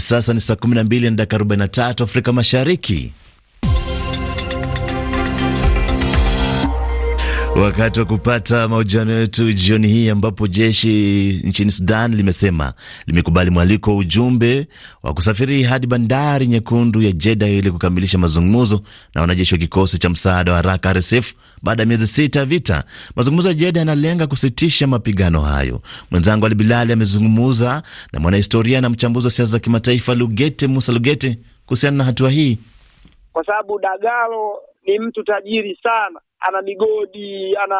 Sasa ni saa 12 na dakika 43 Afrika Mashariki. Wakati wa kupata mahojiano yetu jioni hii, ambapo jeshi nchini Sudan limesema limekubali mwaliko wa ujumbe wa kusafiri hadi bandari nyekundu ya jeda ili kukamilisha mazungumzo na wanajeshi wa kikosi cha msaada wa haraka RSF baada ya miezi sita ya vita. Mazungumzo ya Jeda yanalenga kusitisha mapigano hayo. Mwenzangu Ali Bilali amezungumza na mwanahistoria na mchambuzi wa siasa za kimataifa Lugete Musa Lugete kuhusiana na hatua hii, kwa sababu Dagalo ni mtu tajiri sana ana migodi, ana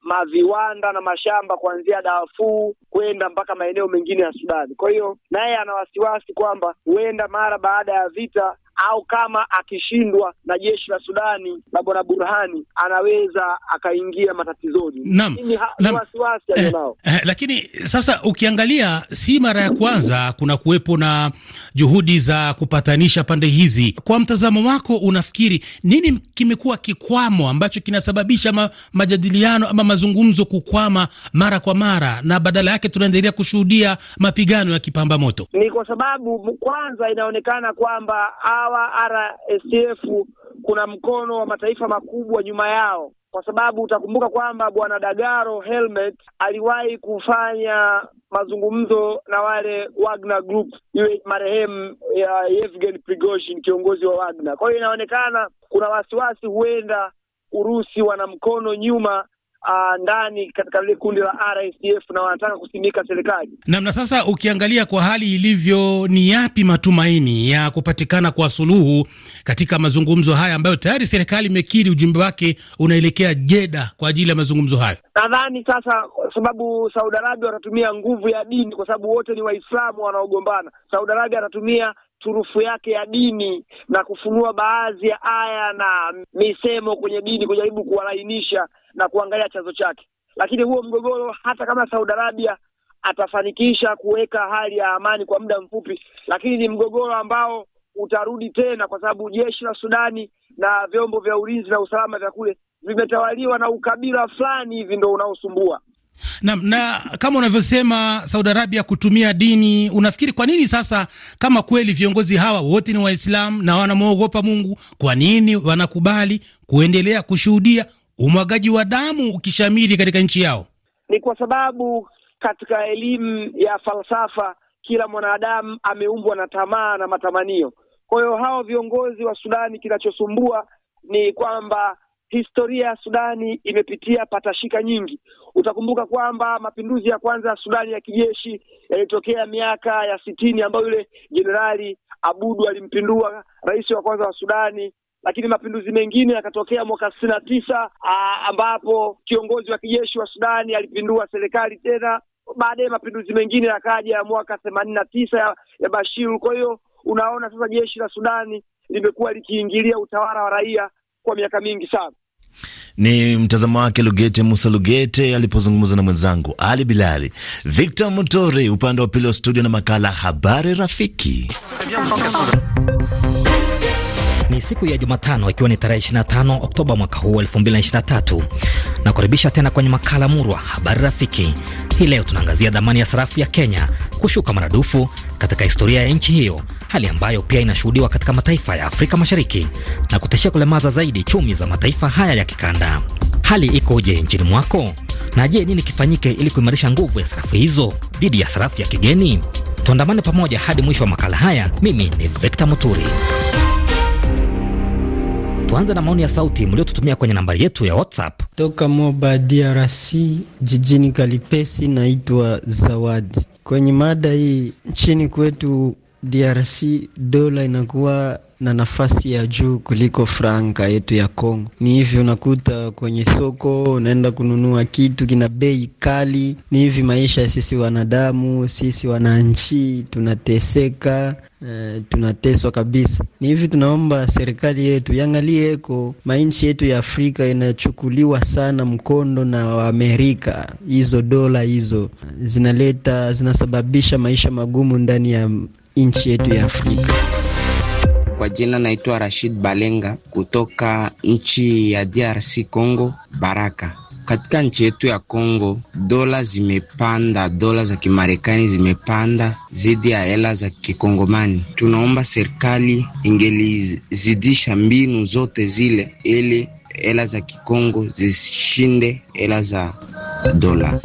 maviwanda na mashamba kuanzia Darfur kwenda mpaka maeneo mengine ya Sudani. Kwa hiyo naye ana wasiwasi kwamba huenda mara baada ya vita au kama akishindwa na jeshi la Sudani la bwana Burhani anaweza akaingia matatizoni. Naam, naam, wasiwasi eh, alionao eh, eh, lakini sasa ukiangalia, si mara ya kwanza kuna kuwepo na juhudi za kupatanisha pande hizi. Kwa mtazamo wako, unafikiri nini kimekuwa kikwamo ambacho kinasababisha ma, majadiliano ama mazungumzo kukwama mara kwa mara na badala yake tunaendelea kushuhudia mapigano ya kipamba moto? Ni kwa sababu kwanza inaonekana kwamba Kawa, RSF, kuna mkono wa mataifa makubwa nyuma yao, kwa sababu utakumbuka kwamba bwana Dagaro Helmet aliwahi kufanya mazungumzo na wale Wagner Group, yule marehemu ya Yevgen Prigozhin, kiongozi wa Wagner. Kwa hiyo inaonekana kuna wasiwasi, huenda Urusi wana mkono nyuma uh, ndani katika lile kundi la RSF na wanataka kusimika serikali namna. Sasa ukiangalia kwa hali ilivyo, ni yapi matumaini ya kupatikana kwa suluhu katika mazungumzo haya ambayo tayari serikali imekiri ujumbe wake unaelekea Jeda kwa ajili ya mazungumzo hayo? Nadhani sasa, kwa sababu Saudi Arabia watatumia nguvu ya dini, kwa sababu wote ni Waislamu wanaogombana. Saudi Arabia atatumia turufu yake ya dini na kufunua baadhi ya aya na misemo kwenye dini kujaribu kuwalainisha na kuangalia chanzo chake. Lakini huo mgogoro, hata kama Saudi Arabia atafanikisha kuweka hali ya amani kwa muda mfupi, lakini ni mgogoro ambao utarudi tena, kwa sababu jeshi la Sudani na vyombo vya ulinzi na usalama vya kule vimetawaliwa na ukabila fulani hivi, ndo unaosumbua na, na kama unavyosema Saudi Arabia kutumia dini, unafikiri kwa nini sasa, kama kweli viongozi hawa wote ni Waislamu na wanamwogopa Mungu, kwa nini wanakubali kuendelea kushuhudia umwagaji wa damu ukishamiri katika nchi yao? Ni kwa sababu katika elimu ya falsafa kila mwanadamu ameumbwa na tamaa na matamanio. Kwa hiyo hao viongozi wa Sudani, kinachosumbua ni kwamba historia ya Sudani imepitia patashika nyingi. Utakumbuka kwamba mapinduzi ya kwanza ya Sudani ya kijeshi yalitokea miaka ya sitini, ambayo yule jenerali Abudu alimpindua rais wa kwanza wa Sudani lakini mapinduzi mengine yakatokea mwaka sitini na tisa ambapo kiongozi wa kijeshi wa Sudani alipindua serikali tena. Baadaye mapinduzi mengine yakaja ya mwaka themanini na tisa ya, ya Bashir. Kwa hiyo unaona sasa jeshi la Sudani limekuwa likiingilia utawala wa raia kwa miaka mingi sana. Ni mtazamo wake Lugete Musa Lugete alipozungumza na mwenzangu Ali Bilali. Victor Mutore upande wa pili wa studio na makala Habari Rafiki. Ni siku ya Jumatano ikiwa ni tarehe 25 Oktoba mwaka huu 2023. Nakukaribisha tena kwenye makala murwa habari rafiki. Hii leo tunaangazia dhamani ya sarafu ya Kenya kushuka maradufu katika historia ya nchi hiyo, hali ambayo pia inashuhudiwa katika mataifa ya Afrika Mashariki na kutishia kulemaza zaidi chumi za mataifa haya ya kikanda. Hali ikoje nchini mwako? Na je, nini kifanyike ili kuimarisha nguvu ya sarafu hizo dhidi ya sarafu ya kigeni? Tuandamane pamoja hadi mwisho wa makala haya. Mimi ni Victor Muturi. Tuanze na maoni ya sauti mliotutumia kwenye nambari yetu ya WhatsApp. Toka Moba DRC, jijini Kalipesi, naitwa Zawadi. Kwenye mada hii, nchini kwetu DRC dola inakuwa na nafasi ya juu kuliko franka yetu ya Kongo. Ni hivi unakuta kwenye soko unaenda kununua kitu kina bei kali. Ni hivi maisha sisi wanadamu, sisi wananchi tunateseka, uh, tunateswa kabisa. Ni hivi tunaomba serikali yetu yangalie eko mainchi yetu ya Afrika inachukuliwa sana mkondo na Waamerika. Hizo dola hizo zinaleta zinasababisha maisha magumu ndani ya nchi yetu ya Afrika. Kwa jina naitwa Rashid Balenga kutoka nchi ya DRC Congo, Baraka. Katika nchi yetu ya Congo dola zimepanda, dola za Kimarekani zimepanda zidi ya hela za Kikongomani. Tunaomba serikali ingelizidisha mbinu zote zile ili hela za Kikongo zishinde hela za dola.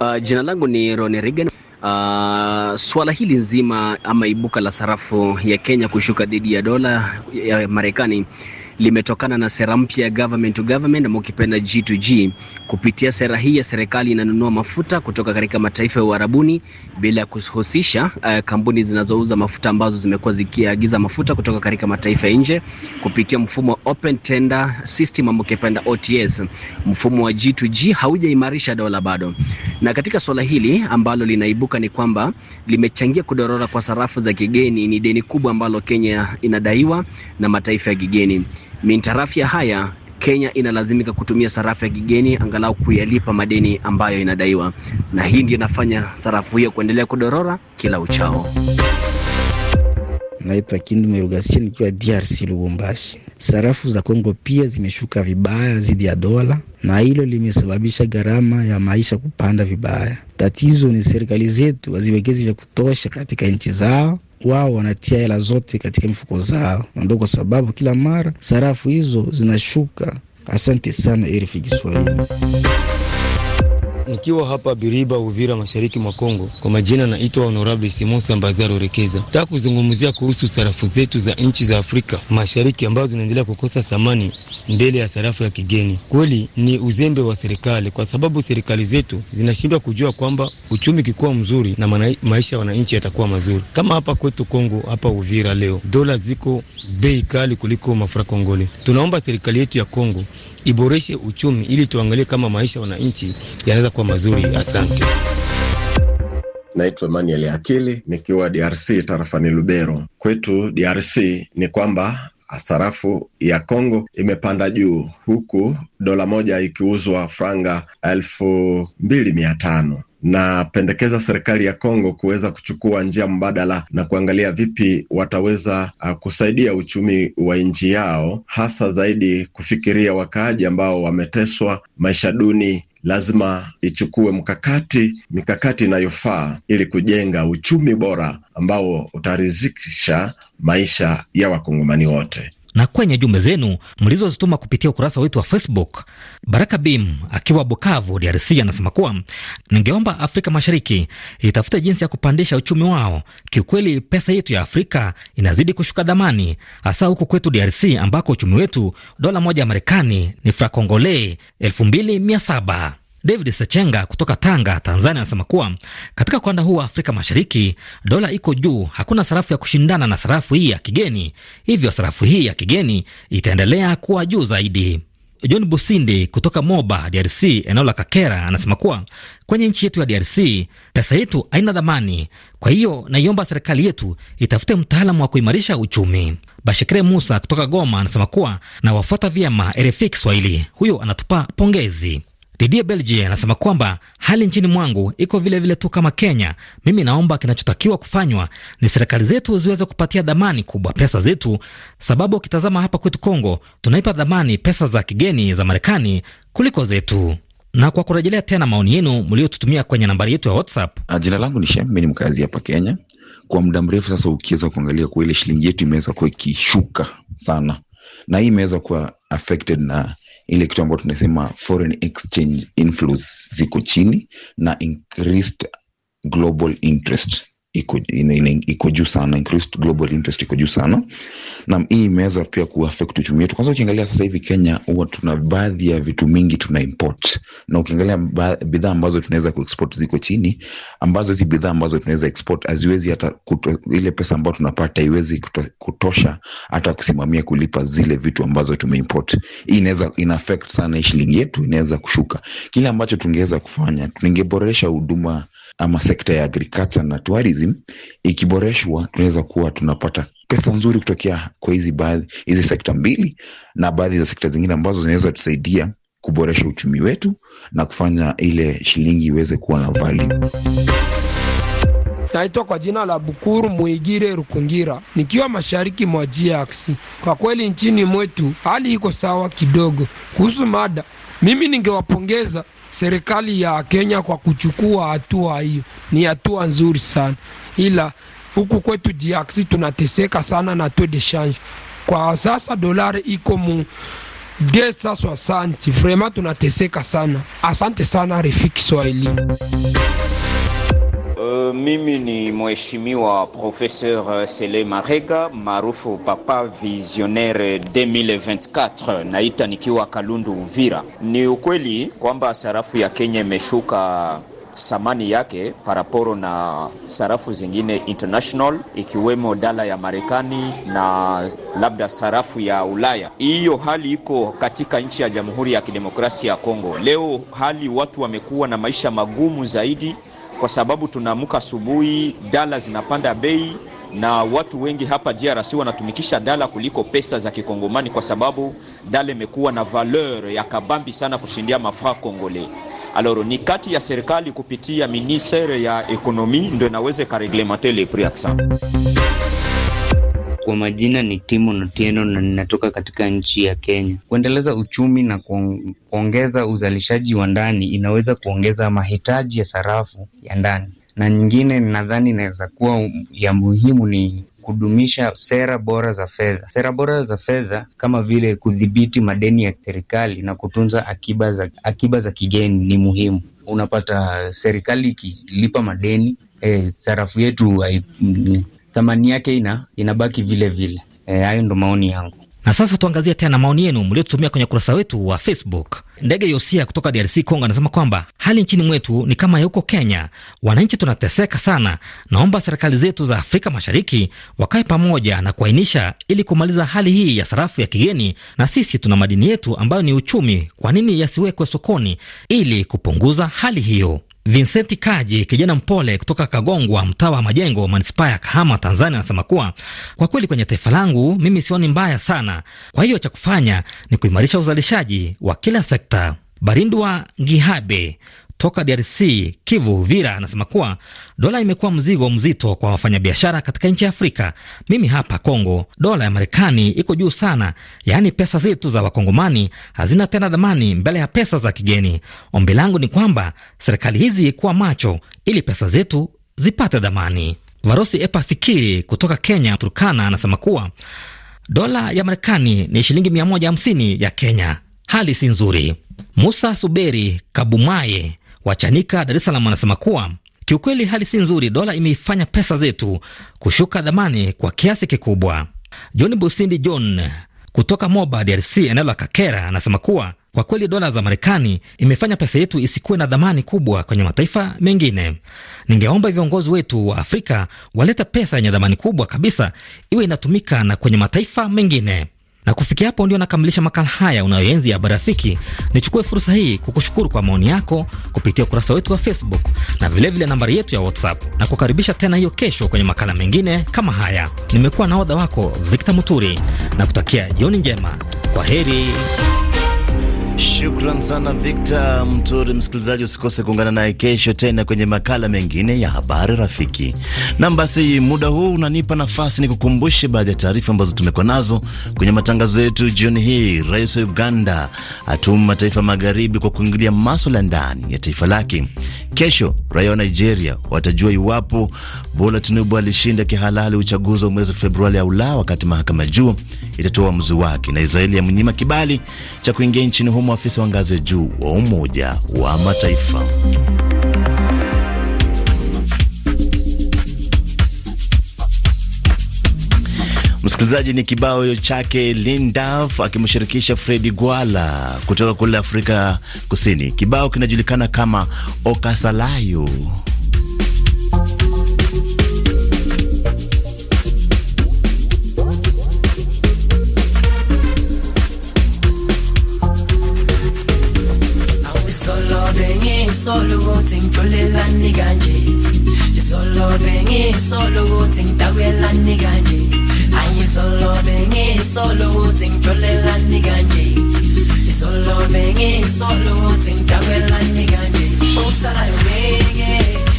Uh, jina langu ni Ronny Reagan Uh, swala hili nzima ama ibuka la sarafu ya Kenya kushuka dhidi ya dola ya Marekani limetokana na sera mpya ya government to government ama ukipenda G2G. Kupitia sera hii ya serikali inanunua mafuta kutoka katika mataifa ya Uarabuni bila kuhusisha uh, kampuni zinazouza mafuta ambazo zimekuwa zikiagiza mafuta kutoka katika mataifa ya nje kupitia mfumo wa open tender system ama ukipenda OTS. Mfumo wa G2G haujaimarisha dola bado, na katika swala hili ambalo linaibuka ni kwamba limechangia kudorora kwa sarafu za kigeni. Ni deni kubwa ambalo Kenya inadaiwa na mataifa ya kigeni. Mintarafu ya haya Kenya inalazimika kutumia sarafu ya kigeni angalau kuyalipa madeni ambayo inadaiwa, na hii ndio inafanya sarafu hiyo kuendelea kudorora kila uchao. Naitwa Kindu Merugasia nikiwa DRC Lubumbashi. Sarafu za Kongo pia zimeshuka vibaya zidi ya dola, na hilo limesababisha gharama ya maisha kupanda vibaya. Tatizo ni serikali zetu haziwekezi vya kutosha katika nchi zao wao wanatia hela zote katika mifuko zao, na ndio kwa sababu kila mara sarafu hizo zinashuka. Asante sana RFI Kiswahili. Nikiwa hapa Biriba, Uvira, mashariki mwa Kongo. Kwa majina naitwa Honorable Simon Sambazaro Rekeza. Nataka kuzungumzia kuhusu sarafu zetu za nchi za Afrika Mashariki ambazo zinaendelea kukosa thamani mbele ya sarafu ya kigeni. Kweli ni uzembe wa serikali, kwa sababu serikali zetu zinashindwa kujua kwamba uchumi kikuwa mzuri na maisha ya wananchi yatakuwa mazuri. Kama hapa kwetu Kongo, hapa Uvira leo dola ziko bei kali kuliko mafra kongole. Tunaomba serikali yetu ya Kongo iboreshe uchumi ili tuangalie kama maisha wananchi yanaweza kuwa mazuri. Asante. Naitwa Manuel Akili nikiwa DRC tarafani Lubero. Kwetu DRC ni kwamba sarafu ya Kongo imepanda juu, huku dola moja ikiuzwa franga elfu mbili mia tano napendekeza serikali ya Kongo kuweza kuchukua njia mbadala na kuangalia vipi wataweza uh, kusaidia uchumi wa nchi yao, hasa zaidi kufikiria wakaaji ambao wameteswa, maisha duni lazima ichukue mkakati mikakati inayofaa ili kujenga uchumi bora ambao utarizikisha maisha ya wakongomani wote na kwenye jumbe zenu mlizozituma kupitia ukurasa wetu wa Facebook. Baraka Bim akiwa Bukavu, DRC, anasema kuwa ningeomba Afrika Mashariki itafute jinsi ya kupandisha uchumi wao. Kiukweli pesa yetu ya Afrika inazidi kushuka dhamani, hasa huku kwetu DRC ambako uchumi wetu dola moja ya Marekani ni franc congolais elfu mbili mia saba. David Sechenga kutoka Tanga, Tanzania, anasema kuwa katika ukanda huu wa Afrika Mashariki dola iko juu, hakuna sarafu ya kushindana na sarafu hii ya kigeni, hivyo sarafu hii ya kigeni itaendelea kuwa juu zaidi. John Busindi kutoka Moba, DRC, eneo la Kakera, anasema kuwa kwenye nchi yetu ya DRC pesa yetu haina dhamani. Kwa hiyo naiomba serikali yetu itafute mtaalamu wa kuimarisha uchumi. Bashekire Musa kutoka Goma anasema kuwa nawafuata vyema RFI Kiswahili. Huyo anatupa pongezi dhidi ya anasema kwamba hali nchini mwangu iko vilevile vile tu kama Kenya. Mimi naomba kinachotakiwa kufanywa ni serikali zetu ziweze kupatia dhamani kubwa pesa zetu, sababu ukitazama hapa kwetu Kongo tunaipa dhamani pesa za kigeni za Marekani kuliko zetu na kwa kurejelea tena maoni yenu mliotutumia kwenye nambari yetu ya WhatsApp. Ah, jina langu ni Shem, ni mkazi hapa Kenya kwa muda mrefu sasa. Ukiweza kuangalia kwa ile shilingi yetu imeweza kuwa ikishuka sana, na hii imeweza kuwa affected na ile kitu ambayo tunasema foreign exchange influence ziko chini na increased global interest iko juu sana, increased global interest iko juu sana na hii imeweza pia kuaffect uchumi wetu. Kwanza ukiangalia sasa hivi Kenya, huwa tuna baadhi ya vitu mingi tuna import, na ukiangalia bidhaa ambazo tunaweza kuexport ziko chini, ambazo hizi bidhaa ambazo tunaweza export haziwezi hata kuto, ile pesa ambayo tunapata haiwezi kutosha hata kusimamia kulipa zile vitu ambazo tumeimport. Hii inaweza ina affect sana shilingi yetu inaweza kushuka. Kile ambacho tungeweza kufanya, tungeboresha huduma ama sekta ya agriculture na tourism ikiboreshwa, tunaweza kuwa tunapata pesa nzuri kutokea kwa hizi baadhi hizi sekta mbili na baadhi za sekta zingine ambazo zinaweza tusaidia kuboresha uchumi wetu na kufanya ile shilingi iweze kuwa na vali. Naitwa kwa jina la Bukuru mwigire Rukungira, nikiwa mashariki mwa DRC. Kwa kweli nchini mwetu hali iko sawa kidogo. Kuhusu mada, mimi ningewapongeza serikali ya Kenya kwa kuchukua hatua hiyo, ni hatua nzuri sana, ila huku kwetu DRC tunateseka sana na taux de change kwa sasa, dolari iko mu 260 vraiment tunateseka sana. Asante sana Rafiki Swahili. Uh, mimi ni mheshimiwa Professeur euh, Sele Marega maarufu Papa Visionnaire 2024 naita nikiwa Kalundu Uvira. Ni ukweli kwamba sarafu ya Kenya imeshuka thamani yake paraporo na sarafu zingine international, ikiwemo dala ya Marekani na labda sarafu ya Ulaya. Hiyo hali iko katika nchi ya Jamhuri ya Kidemokrasia ya Kongo leo. Hali watu wamekuwa na maisha magumu zaidi, kwa sababu tunaamka asubuhi, dala zinapanda bei na watu wengi hapa DRC wanatumikisha dala kuliko pesa za kikongomani kwa sababu dala imekuwa na valeur ya kabambi sana kushindia mafaa kongole. Alors ni kati ya serikali kupitia ministere ya ekonomi ndio inaweza ikareglementer le prix aksa. Kwa majina ni timo Notieno na ninatoka katika nchi ya Kenya. Kuendeleza uchumi na kuongeza uzalishaji wa ndani inaweza kuongeza mahitaji ya sarafu ya ndani, na nyingine nadhani inaweza kuwa ya muhimu ni kudumisha sera bora za fedha. Sera bora za fedha kama vile kudhibiti madeni ya serikali na kutunza akiba za, akiba za kigeni ni muhimu. Unapata serikali ikilipa madeni e, sarafu yetu mm, thamani yake ina, inabaki vile vile. E, hayo e, ndo maoni yangu. Na sasa tuangazie tena maoni yenu mliotutumia kwenye ukurasa wetu wa Facebook. Ndege Yosia kutoka DRC Congo anasema kwamba hali nchini mwetu ni kama ya huko Kenya, wananchi tunateseka sana. Naomba serikali zetu za Afrika Mashariki wakae pamoja na kuainisha ili kumaliza hali hii ya sarafu ya kigeni, na sisi tuna madini yetu ambayo ni uchumi. Kwa nini yasiwekwe sokoni ili kupunguza hali hiyo? Vincent Kaji, kijana mpole kutoka Kagongwa, mtaa wa Majengo, manispaa ya Kahama, Tanzania, anasema kuwa kwa kweli, kwenye taifa langu mimi sioni mbaya sana, kwa hiyo cha kufanya ni kuimarisha uzalishaji wa kila sekta. Barindwa Gihabe toka DRC Kivu Vira anasema kuwa dola imekuwa mzigo mzito kwa wafanyabiashara katika nchi ya Afrika. Mimi hapa Kongo dola ya Marekani iko juu sana, yaani pesa zetu za wakongomani hazina tena dhamani mbele ya pesa za kigeni. Ombi langu ni kwamba serikali hizi kuwa macho ili pesa zetu zipate dhamani. Varosi Epa Fikiri kutoka Kenya, Turkana, anasema kuwa dola ya Marekani ni shilingi 150 ya Kenya. Hali si nzuri. Musa Suberi Kabumaye Wachanika Dar es Salaam wanasema kuwa kiukweli hali si nzuri, dola imeifanya pesa zetu kushuka dhamani kwa kiasi kikubwa. John Busindi John kutoka Moba, DRC, eneo la Kakera, anasema kuwa kwa kweli dola za Marekani imefanya pesa yetu isikuwe na dhamani kubwa kwenye mataifa mengine. Ningeomba viongozi wetu wa Afrika walete pesa yenye dhamani kubwa kabisa, iwe inatumika na kwenye mataifa mengine. Na kufikia hapo ndio nakamilisha makala haya unayoenzi ya barafiki. Nichukue fursa hii kukushukuru kwa maoni yako kupitia ukurasa wetu wa Facebook na vilevile nambari yetu ya WhatsApp na kukaribisha tena hiyo kesho kwenye makala mengine kama haya. Nimekuwa na odha wako Victor Muturi na kutakia jioni njema. Kwa heri. Shukran sana Victor Mturi. Msikilizaji, usikose kuungana naye kesho tena kwenye makala mengine ya habari rafiki. Nam, basi muda huu unanipa nafasi ni kukumbushe baadhi ya taarifa ambazo tumekuwa nazo kwenye matangazo yetu jioni hii. Rais wa Uganda atuma mataifa magharibi kwa kuingilia maswala ndani ya taifa lake. Kesho raia wa Nigeria watajua iwapo Bola Tinubu alishinda kihalali uchaguzi wa mwezi Februari au la, wakati mahakama juu itatoa uamuzi wake, na Israeli yamnyima kibali cha kuingia nchini humo afisa rais wa ngazi ya juu wa Umoja wa Mataifa. Msikilizaji, ni kibao chake Lindaf akimshirikisha Fredi Gwala kutoka kule Afrika Kusini. Kibao kinajulikana kama Okasalayo. singitholela nika nje isolo bengisolo ukuthi ngidakela nika nje ayisolo bengisolo ukuthi ngitholela nika nje isolo bengisolo ukuthi ngidakela nika nje usalayo ngeke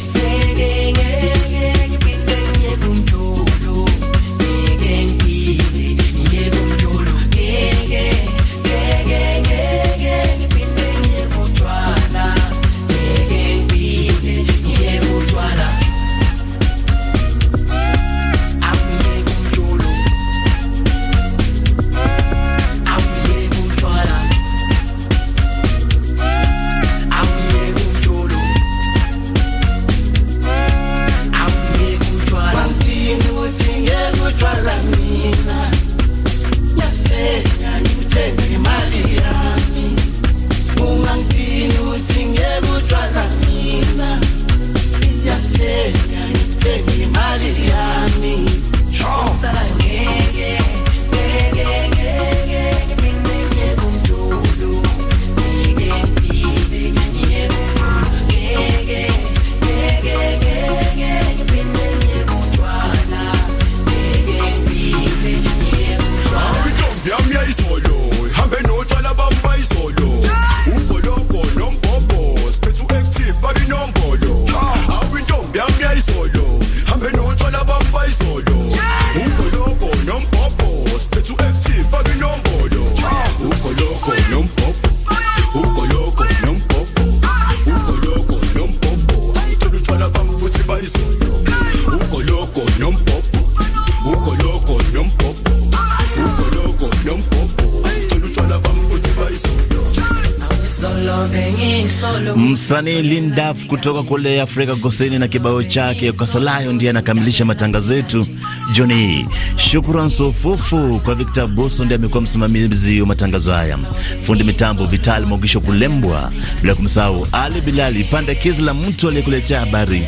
Sani Lindaf kutoka kule Afrika Kusini na kibao chake Kasolayo ndiye anakamilisha matangazo yetu Joni. E. Shukran sofufu kwa Victor Buso, ndiye amekuwa msimamizi wa matangazo haya, fundi mitambo Vital Mogisho Kulembwa, bila kumsahau Ali Bilali pande kizi la mtu aliyekuletea habari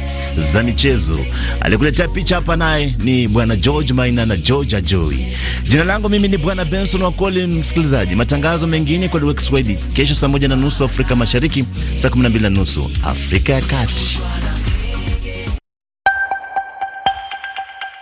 za michezo, aliyekuletea picha hapa, naye ni bwana George Maina na George Ajoi. Jina langu mimi ni bwana Benson Wakoli. Msikilizaji, matangazo mengine kwa lugha Kiswahili kesho saa moja na nusu Afrika Mashariki, saa kumi na mbili na nusu Afrika ya Kati.